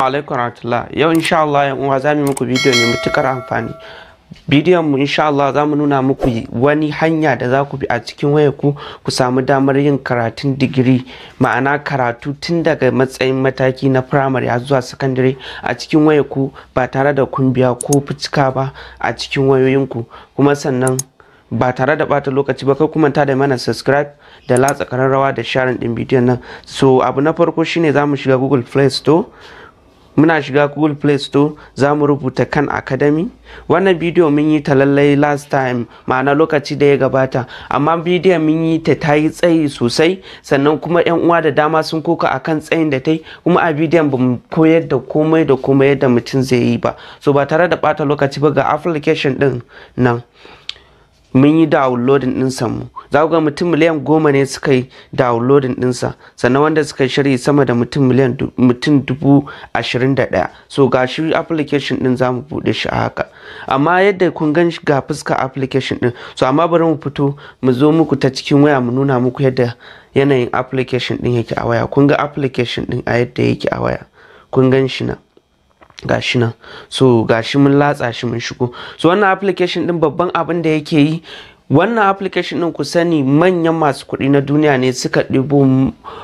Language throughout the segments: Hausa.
alaikum rahmatullah yau insha Allah yan uwa za mu muku bidiyo ne matukar amfani bidiyon mu insha Allah za mu nuna muku wani hanya da za ku bi a cikin waya ku ku samu damar yin karatun digiri ma'ana karatu tun daga matsayin mataki na primary har zuwa secondary a cikin waya ku ba tare da kun biya ko fitika ba a cikin wayoyin ku kuma sannan ba tare da bata lokaci ba kai kuma ta da mana subscribe da latsa kararrawa da sharing din bidiyon nan so abu na farko shine zamu shiga Google Play Store muna shiga google play store za mu rubuta kan academy wannan bidiyo mun yi ta lallai last time ma'ana lokaci da ya gabata amma bidiyon mun yi ta ta yi tsayi sosai sannan kuma yan uwa da dama sun koka a kan tsayin da ta yi kuma a bidiyon ba mu koyar da komai da komai yadda mutum zai yi ba so ba tare da bata lokaci ba ga application din nan mun yi downloading ɗinsa mu za ga mutum miliyan goma ne suka yi downloading ɗinsa sannan wanda suka shirya sama da mutum miliyan mutum dubu ashirin da ɗaya so ga shi application ɗin zamu mu buɗe shi a haka amma yadda kun gan ga fuska application ɗin so amma bari mu fito mu zo muku ta cikin waya mu nuna muku yadda yanayin application ɗin yake a waya kun ga application ɗin a yadda yake a waya kun gan shi na gashi nan so gashi mun latsa shi mun shigo so wannan application din babban abin da yake yi wannan application din ku sani manyan masu kuɗi na duniya ne suka ɗibo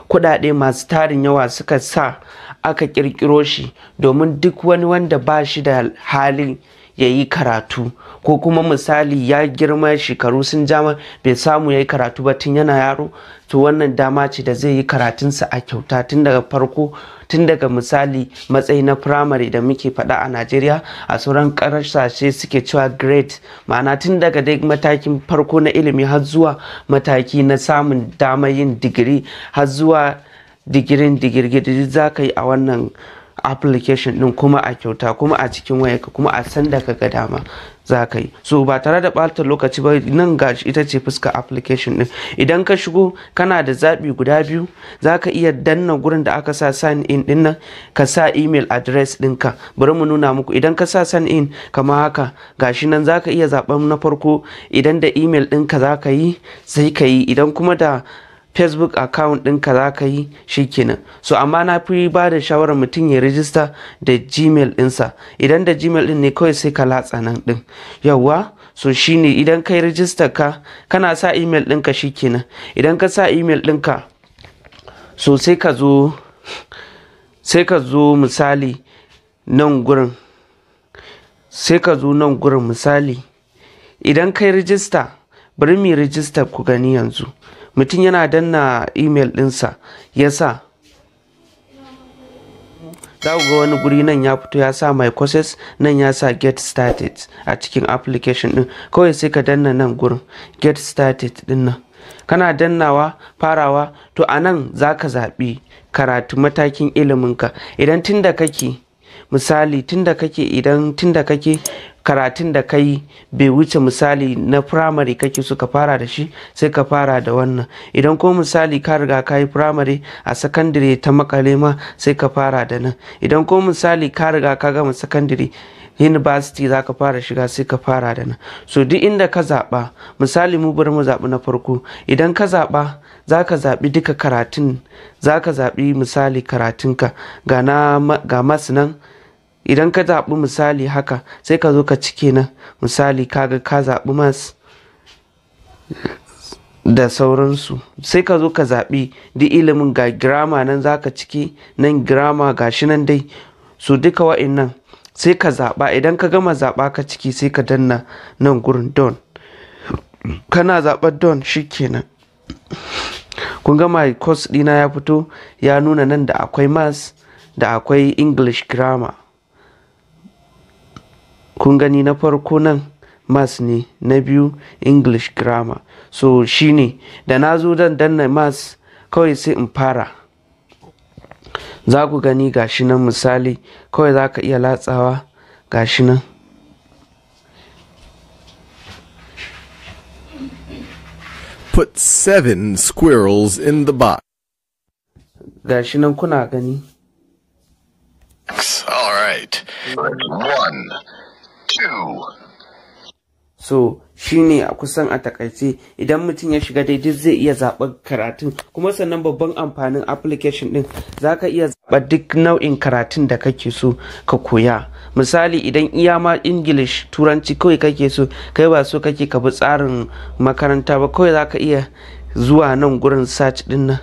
kuɗaɗe masu tarin yawa suka sa aka ƙirƙiro shi domin duk wani wanda ba shi da hali ya yi karatu ko kuma misali ya girma shekaru sun jama bai samu ya yi karatu ba tun yana yaro to wannan dama ce da zai yi karatunsa a kyauta tun daga farko tun daga misali matsayi na firamare da muke faɗa a najeriya a sauran ƙasashe suke cewa grade ma'ana tun daga dai matakin farko na ilimi har zuwa mataki na samun damar yin digiri har zuwa digirin digirgidi za ka yi a wannan application din kuma a kyauta kuma a cikin wayarka kuma a san da ka ga dama za ka yi so ba tare da ɓata lokaci ba nan ga ita ce fuska application din idan ka shigo kana da zaɓi guda biyu za ka iya danna gurin da aka sa sign in din nan ka sa email address ɗinka bari mu nuna muku idan ka sa sign in kama haka gashi nan za ka iya zaɓen na farko idan da email ɗinka za ka yi sai ka yi idan kuma da facebook account ɗinka za ka yi shikenan so amma na fi ba da shawarar mutum ya rijista da gmail ɗinsa idan da gmail ɗin ne kawai sai ka latsa nan ɗin yawwa so shine idan ka yi rijista ka kana sa email ɗinka shikenan idan ka sa email ɗinka sai ka zo sai ka zo misali nan gurin sai ka zo nan gurin misali idan ka yi rijista bari mu rijista ku gani yanzu mutum yana danna email ɗinsa ya sa za wani guri nan ya fito ya sa my courses nan ya sa get started a cikin application din kawai sai ka danna nan gurin get started din nan kana dannawa farawa to a nan za ka zaɓi karatu matakin iliminka idan tun da kake misali tun da kake idan tun da kake karatun da kai bai wuce misali na firamare kake so ka fara da shi sai ka fara da wannan idan ko misali ka riga ka yi firamare a sakandare ta makale ma sai ka fara da nan idan ko misali ka riga ka gama sakandare university za ka fara shiga sai ka fara da nan so duk inda ka zaɓa misali mu bari mu zaɓi na farko idan ka zaɓa za ka zaɓi duka karatun za ka zaɓi misali karatunka ga mas nan idan ka zaɓi misali haka sai ka zo ka cike nan misali kaga ka zaɓi mas da sauransu sai ka zo ka zaɓi duk ilimin ga girama nan za ka cike nan girama ga shi nan dai su duka wa'innan sai ka zaɓa idan ka gama zaɓa ka ciki sai ka danna nan gurin don kana zaɓar don shi kenan kun gama course ɗina ya fito ya nuna nan da akwai mas da akwai english grammar kun gani na farko nan mas ne na biyu english grammar so shi ne da na zo dan danna mas kawai sai in fara za ku gani gashi nan misali kawai za ka iya latsawa gashi nan put seven squirrels in the box gashi nan kuna gani all right one so shi a kusan a takaice idan mutum ya shiga daidai zai iya zaɓar karatun kuma sannan babban amfanin application din ka iya zaɓar duk nau'in karatun da kake so ka koya misali idan iya ma english turanci kawai kake so kai ba so kake ka bi tsarin makaranta ba kawai za ka iya zuwa nan gurin search din nan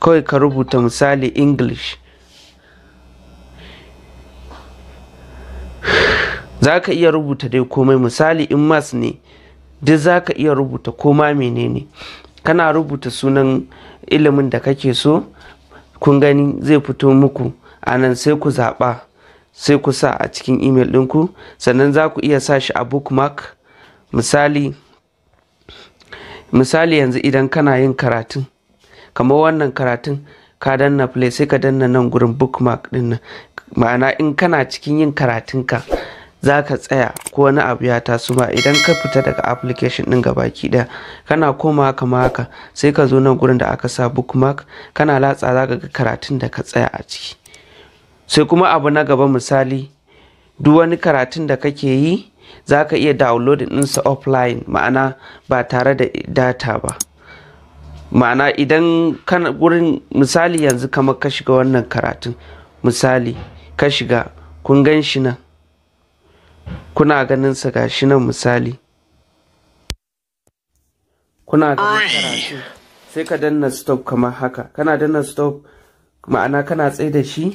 kawai ka rubuta misali english za ka iya rubuta dai komai misali in mas ne duk za ka iya rubuta koma menene kana rubuta sunan ilimin da kake so kun gani zai fito muku a nan sai ku zaɓa sai ku sa a cikin imel ɗinku sannan za ku iya sa shi a bookmark misali misali yanzu idan kana yin karatun kamar wannan karatun ka danna play sai ka danna nan gurin bookmark ɗin nan ma'ana in kana cikin yin karatunka za ka tsaya ko wani abu ya taso ba idan ka fita daga application ɗin gabaki ɗaya kana koma kama haka sai ka zo nan gurin da aka sa bookmark kana latsa za ka ga karatun da ka tsaya a ciki sai kuma abu na gaba misali duk wani karatun da kake yi za ka iya download ɗinsa offline ma'ana ba tare da data ba ma'ana idan kana gurin misali yanzu kamar ka shiga wannan karatun misali ka shiga kun gan shi nan kuna ganin sa gashi nan misali kuna ganin sai ka danna stop kamar haka kana danna stop ma'ana kana tsaye da shi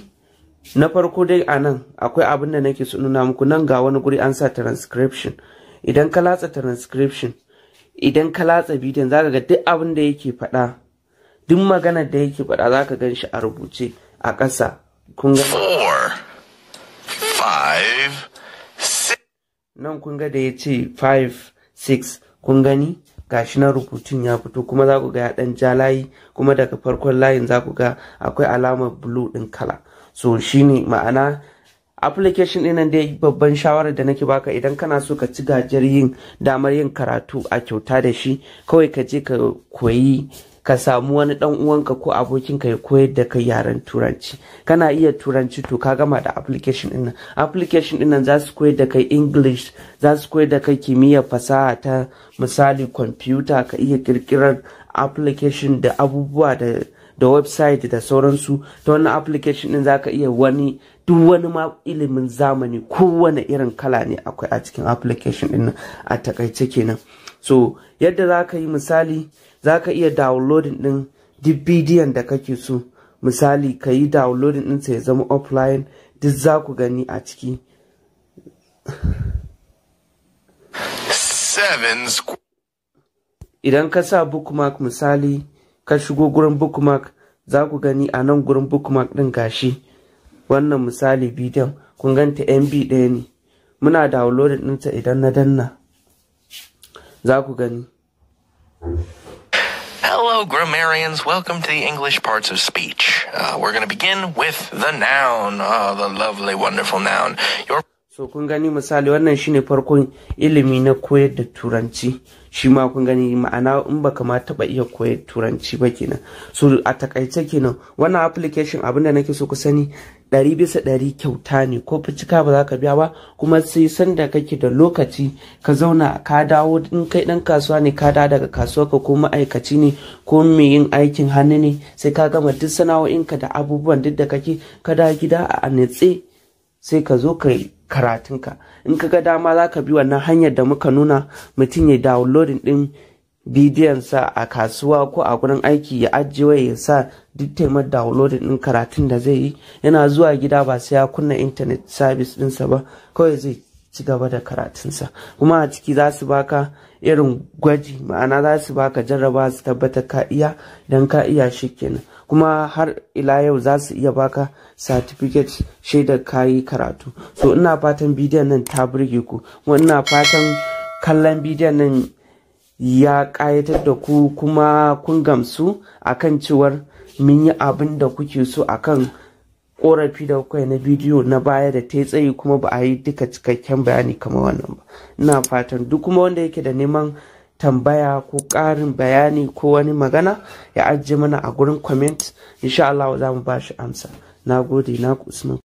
na farko dai a nan akwai abin da nake nuna muku nan ga wani guri an sa transcription idan ka latsa transcription idan ka latsa bidiyon zaka ga duk abin da yake faɗa duk maganar da yake faɗa zaka gan shi a rubuce a ƙasa kun ga nan kun ga da ya ce 5 6 kun gani gashi na rubutun ya fito kuma za ku ga ya dan ja layi kuma daga farkon layin za ku ga akwai alamar blue din kala so shine ma'ana application ɗin dai babban shawarar da nake baka idan kana so ka ci gajiyar yin damar yin karatu a kyauta da shi kawai ka je ka koyi ka samu wani dan uwanka ko abokinka ya koyar da kai yaren turanci kana iya turanci to ka gama da application ɗinnan application ɗinnan za su koyar da kai english za su koyar da kai kimiyya, fasaha ta misali computer ka iya kirkirar application da abubuwa da da website da sauransu ta wannan application din zaka iya wani duk wani ma ilimin zamani kowane irin kala ne akwai a cikin application din a takaice kenan so yadda zaka yi misali za ka iya downloading din duk bidiyon da kake so misali ka yi downloading din ya zama offline duk za ku gani a ciki idan ka sa bookmark misali ka shigo gurin bookmark za ku gani a nan gurin bookmark ɗin gashi wannan misali bidiyon kun ganta mb ɗaya ne muna downloading ɗinsa idan na danna za ku gani Hello, grammarians. Welcome to the English parts of speech. Uh, we're going to begin with the noun. Oh, the lovely, wonderful noun. Your so kun gani misali wannan shine farkon ilimi na koyar da turanci shi ma kun gani ma'ana in baka ma taba iya koyar turanci ba kenan so a takaice kenan wannan application abin da nake so ku sani ɗari bisa ɗari kyauta ne ko cika ba za ka biya ba kuma sai sanda kake da lokaci ka zauna ka dawo in kai ɗan kasuwa ne ka dawo daga kasuwa ka ko ma'aikaci ne ko mai yin aikin hannu ne sai ka gama duk sana'o'inka da abubuwan duk da kake ka dawo gida a natse sai ka zo ka karatunka in ka ga dama za ka bi wannan hanyar da muka nuna mutum ya downloading din Bidiyonsa a kasuwa ko a gurin aiki ya ajiye ya sa duk taimar downloading din karatun da zai yi yana zuwa gida ba sai ya kunna internet service dinsa ba kawai zai ci gaba da karatunsa kuma a ciki za su baka irin gwaji ma'ana za su baka jarraba su tabbatar ka iya don ka iya shi kenan kuma har ila yau za su iya baka certificate shaidar kayi karatu so ina fatan bidiyon nan ta burge ku kuma ina fatan kallon bidiyon nan ya ƙayatar da ku kuma kun gamsu akan cewar mun yi abin da kuke so a kan ƙorafi da kuka na bidiyo na baya da ta tsayi kuma ba a yi duka cikakken bayani kamar wannan ba ina fatan duk kuma wanda yake da neman tambaya ko ƙarin bayani ko wani magana ya ajiye mana a gurin comment insha Allah za mu ba amsa na gode na usman